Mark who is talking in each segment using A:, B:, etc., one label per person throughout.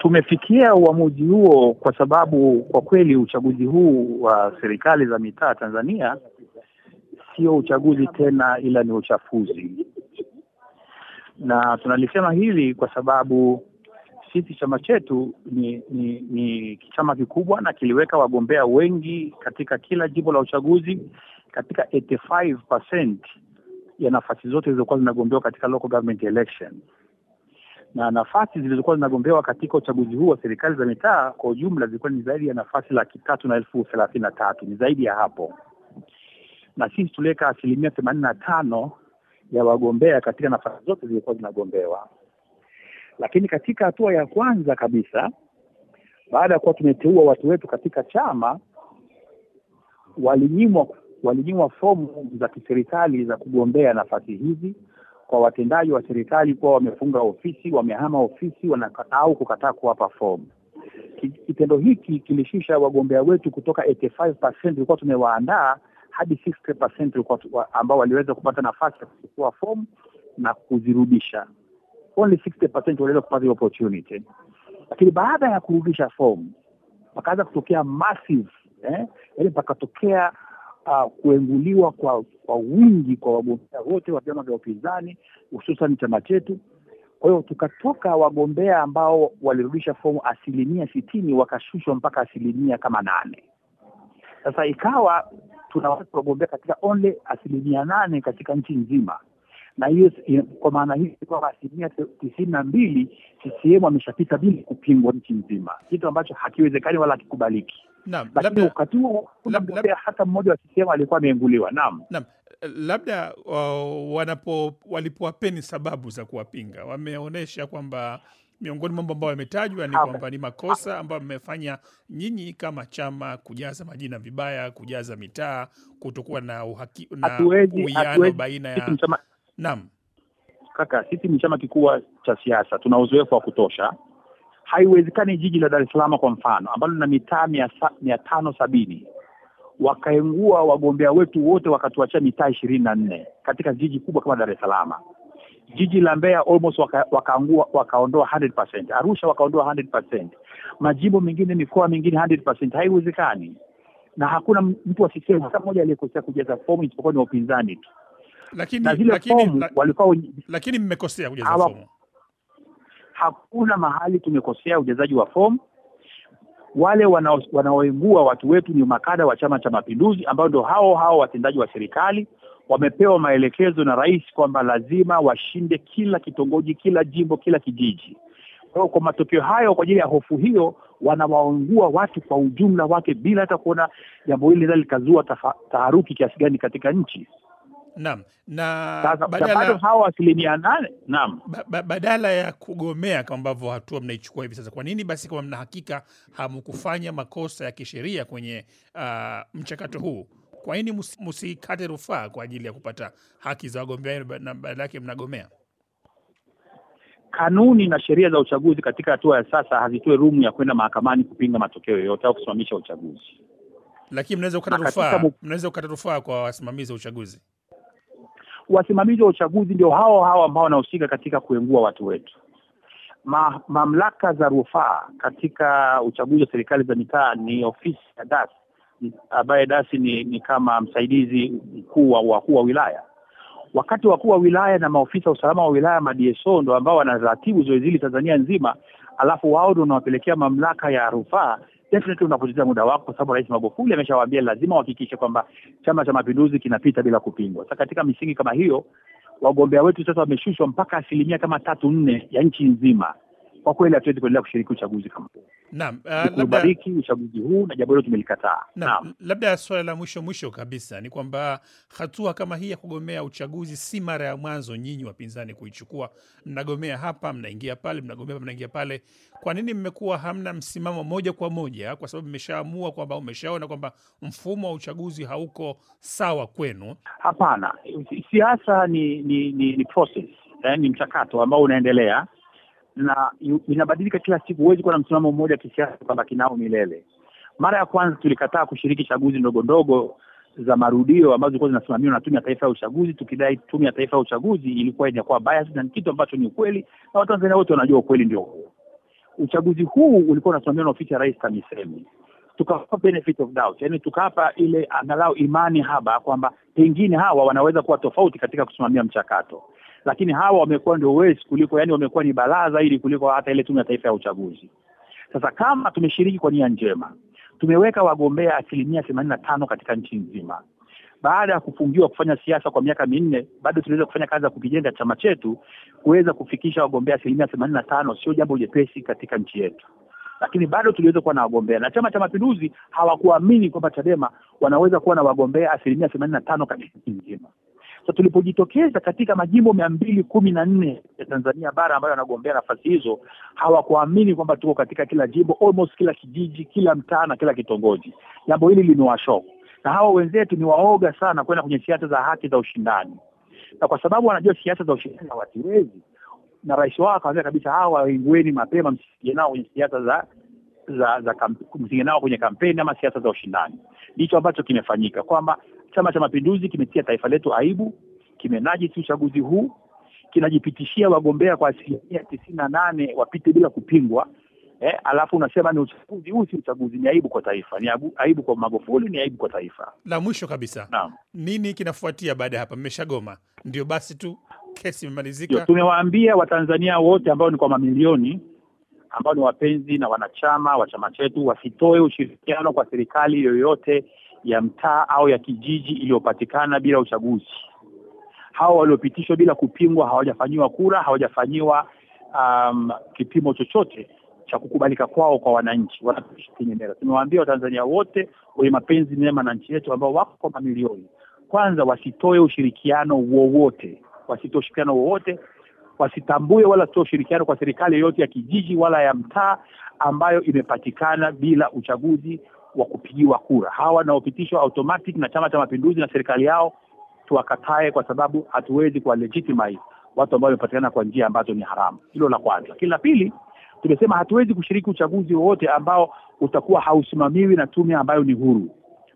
A: Tumefikia uamuzi huo kwa sababu kwa kweli uchaguzi huu wa serikali za mitaa Tanzania sio uchaguzi tena, ila ni uchafuzi. Na tunalisema hili kwa sababu sisi chama chetu ni, ni, ni chama kikubwa na kiliweka wagombea wengi katika kila jimbo la uchaguzi katika 85% ya nafasi zote zilizokuwa zinagombewa katika local government election na nafasi zilizokuwa zinagombewa katika uchaguzi huu wa serikali za mitaa kwa ujumla zilikuwa ni zaidi ya nafasi laki tatu na elfu thelathini na tatu ni zaidi ya hapo, na sisi tuliweka asilimia themanini na tano ya wagombea katika nafasi zote zilizokuwa zinagombewa. Lakini katika hatua ya kwanza kabisa, baada ya kuwa tumeteua watu wetu katika chama, walinyimwa walinyimwa fomu za kiserikali za kugombea nafasi hizi kwa watendaji wa serikali kuwa wamefunga ofisi, wamehama ofisi, wanakataa kukataa kuwapa fomu. Kitendo hiki kilishusha wagombea wetu kutoka 85% tulikuwa tumewaandaa hadi 60% ambao waliweza kupata nafasi ya kuchukua fomu na kuzirudisha. Only 60% waliweza kupata hiyo opportunity, lakini baada ya kurudisha fomu pakaanza kutokea massive eh, yani pakatokea uh, kuenguliwa kwa, kwa wingi kwa wagombea wote wa vyama vya upinzani hususan chama chetu. Kwa hiyo tukatoka wagombea ambao walirudisha fomu asilimia sitini wakashushwa mpaka asilimia kama nane. Sasa ikawa tuna watu wagombea katika only asilimia nane katika nchi nzima, na hiyo kwa maana hii kwamba asilimia tisini na mbili CCM ameshapita bila kupingwa nchi nzima, kitu ambacho hakiwezekani wala hakikubaliki. Naam, lakini wakati huo hata mmoja wa alikuwa ameenguliwa.
B: Naam, naam labda uh, wanapo walipowapeni sababu za kuwapinga wameonyesha kwamba miongoni mambo ambayo yametajwa ni ah, kwamba ni ah, makosa ambayo mmefanya nyinyi kama chama, kujaza majina vibaya, kujaza mitaa, kutokuwa na uhaki, na uwiano baina ya naam.
A: Kaka, sisi ni chama kikubwa cha siasa, tuna uzoefu wa kutosha Haiwezekani jiji la Dar es Salaam kwa mfano, ambalo lina mitaa mia tano sabini wakaengua wagombea wetu wote wakatuachia mitaa ishirini na nne katika jiji kubwa kama Dar es Salaam. Jiji la Mbeya almost waka, wakaangua wakaondoa 100%. Arusha wakaondoa 100%. Majimbo mengine, mikoa mingine 100%. Haiwezekani, na hakuna mtu asisema hata mmoja aliyekosea kujaza fomu isipokuwa ni wapinzani tu,
B: lakini na zile fomu walikuwa, lakini mmekosea kujaza fomu hakuna mahali tumekosea
A: ujazaji wa fomu. Wale wanaoingua watu wetu ni makada wa Chama cha Mapinduzi ambao ndio hao hao watendaji wa serikali wamepewa maelekezo na rais kwamba lazima washinde kila kitongoji, kila jimbo, kila kijiji. Kwa kwa matokeo hayo, kwa ajili ya hofu hiyo, wanawaungua watu kwa ujumla wake bila hata kuona jambo hili linaweza likazua taharuki kiasi gani katika nchi.
B: Naam. Na badala hao asilimia nane. Naam. Ba, badala ya kugomea kama ambavyo hatua mnaichukua hivi sasa, kwa nini basi kama mna hakika hamkufanya makosa ya kisheria kwenye uh, mchakato huu, kwa nini msikate rufaa kwa ajili ya kupata haki za wagombea na badala yake mnagomea?
A: Kanuni na sheria za uchaguzi katika hatua ya sasa hazitoe rumu ya kwenda mahakamani kupinga matokeo yoyote au kusimamisha uchaguzi,
B: lakini mnaweza kukata rufaa, mnaweza kukata rufaa kwa wasimamizi wa uchaguzi
A: wasimamizi wa uchaguzi ndio hao hao ambao wanahusika katika kuengua watu wetu.
B: Ma, mamlaka za rufaa
A: katika uchaguzi wa serikali za mitaa ni ofisi ya DAS ambaye DAS ni, ni kama msaidizi mkuu wa wakuu wa wilaya. Wakati wakuu wa wilaya na maofisa usalama wa wilaya madieso ndo ambao wanaratibu zoezi hili Tanzania nzima, alafu wao ndo wanawapelekea mamlaka ya rufaa definitely unapoteza muda wako, kwa sababu Rais Magufuli ameshawaambia lazima wahakikishe kwamba Chama cha Mapinduzi kinapita bila kupingwa. Sasa katika misingi kama hiyo, wagombea wetu sasa wameshushwa mpaka asilimia kama tatu nne ya nchi nzima. Kwa kweli hatuwezi kuendelea kushiriki uchaguzi kama huo.
B: Naam, uh, kubariki
A: uchaguzi huu na jambo hilo tumelikataa.
B: Naam, labda swala la mwisho mwisho kabisa ni kwamba hatua kama hii ya kugomea uchaguzi si mara ya mwanzo nyinyi wapinzani kuichukua. Mnagomea hapa, mnaingia pale, mnagomea hapa, mnaingia pale. Kwa nini mmekuwa hamna msimamo moja kwa moja? Kwa sababu mmeshaamua kwamba, umeshaona kwamba mfumo wa uchaguzi hauko sawa kwenu? Hapana,
A: siasa ni ni, ni, ni process, eh, ni mchakato ambao unaendelea na inabadilika kila siku. Huwezi kuwa na msimamo mmoja kisiasa kwamba kinao milele. Mara ya kwanza tulikataa kushiriki chaguzi ndogo ndogo za marudio ambazo zilikuwa zinasimamiwa na Tume ya Taifa ya Uchaguzi, tukidai Tume ya Taifa ya Uchaguzi ilikuwa inakuwa bias na ni kitu ambacho ni ukweli na Watanzania wote wanajua ukweli ndio huo. Uchaguzi huu ulikuwa unasimamiwa na ofisi ya Rais TAMISEMI, tukawapa benefit of doubt, yani tukawapa ile angalau imani haba kwamba pengine hawa wanaweza kuwa tofauti katika kusimamia mchakato lakini hawa wamekuwa ndio wezi kuliko, yani wamekuwa ni balaa zaidi kuliko hata ile Tume ya Taifa ya Uchaguzi. Sasa kama tumeshiriki kwa nia njema, tumeweka wagombea asilimia themanini na tano katika nchi nzima baada ya kufungiwa kufanya siasa kwa miaka minne, bado tunaweza kufanya kazi ya kukijenga chama chetu kuweza kufikisha wagombea asilimia themanini na tano. Sio jambo jepesi katika nchi yetu, lakini bado tuliweza kuwa na wagombea, na Chama cha Mapinduzi hawakuamini kwamba Chadema wanaweza kuwa na wagombea asilimia themanini na tano katika nchi nzima. Sasa tulipojitokeza katika majimbo mia mbili kumi na nne ya Tanzania bara ambayo wanagombea nafasi hizo, hawakuamini kwamba tuko katika kila jimbo, almost kila kijiji, kila mtaa na kila kitongoji. Jambo hili limewashok, na hawa wenzetu ni waoga sana kwenda kwenye siasa za haki za ushindani, na kwa sababu wanajua siasa za ushindani hawaziwezi, na rais wao akawambia kabisa, hawa waingueni mapema, msije nao kwenye siasa za za, za msingi nao kwenye kampeni ama siasa za ushindani. Ndicho ambacho kimefanyika kwamba Chama cha Mapinduzi kimetia taifa letu aibu, kimenajisi uchaguzi huu, kinajipitishia wagombea kwa asilimia tisini na nane wapite bila kupingwa. Eh, alafu unasema ni uchaguzi huu, si uchaguzi. Ni aibu kwa taifa, ni aibu, aibu kwa Magufuli, ni aibu kwa taifa.
B: La mwisho kabisa, naam, nini kinafuatia baada ya hapa? Mmeshagoma, ndio basi tu, kesi imemalizika.
A: Tumewaambia Watanzania wote ambao ni kwa mamilioni ambao ni wapenzi na wanachama wa chama chetu wasitoe ushirikiano kwa serikali yoyote ya mtaa au ya kijiji iliyopatikana bila uchaguzi. Hao waliopitishwa bila kupingwa hawajafanyiwa kura, hawajafanyiwa um, kipimo chochote cha kukubalika kwao kwa wananchi wanaishi kwenye Tumewaambia Watanzania wote wenye mapenzi mema na nchi yetu ambao wako kwa mamilioni, kwanza wasitoe ushirikiano wowote, wasitoe ushirikiano wowote, wasitambue wala sitoe ushirikiano kwa serikali yoyote ya kijiji wala ya mtaa ambayo imepatikana bila uchaguzi wa kupigiwa kura. Hawa wanaopitishwa automatic na Chama cha Mapinduzi na serikali yao tuwakatae, kwa sababu hatuwezi kuwa legitimize watu ambao wamepatikana kwa njia ambazo ni haramu. Hilo la kwanza. Lakini la pili, tumesema hatuwezi kushiriki uchaguzi wowote ambao utakuwa hausimamiwi na tume ambayo ni huru.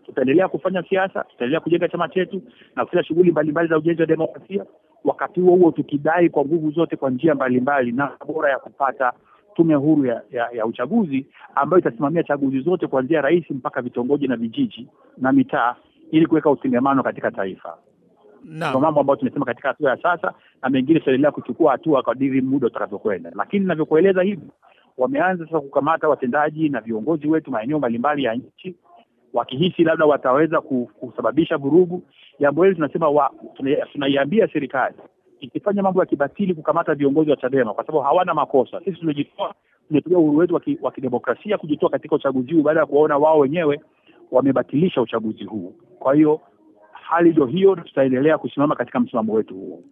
A: Tutaendelea kufanya siasa, tutaendelea kujenga chama chetu na kufanya shughuli mbalimbali za ujenzi wa demokrasia, wakati huo huo tukidai kwa nguvu zote, kwa njia mbalimbali na bora ya kupata tume huru ya, ya, ya uchaguzi ambayo itasimamia chaguzi zote kuanzia rais mpaka vitongoji na vijiji na mitaa ili kuweka utengamano katika taifa. Kwa mambo ambayo tumesema katika hatua ya sasa, na mengine tutaendelea kuchukua hatua kadiri muda utakavyokwenda, lakini ninavyokueleza hivi, wameanza sasa kukamata watendaji na viongozi wetu maeneo mbalimbali ya nchi wakihisi labda wataweza kusababisha vurugu. Jambo hili tunasema tunaiambia serikali ikifanya mambo ya kibatili kukamata viongozi wa Chadema kwa sababu hawana makosa. Sisi tumejitoa, tumetumia uhuru wetu wa kidemokrasia kujitoa katika uchaguzi huu baada ya kuwaona wao wenyewe wamebatilisha uchaguzi huu. Kwa hiyo hali ndio hiyo, tutaendelea kusimama katika msimamo wetu huo.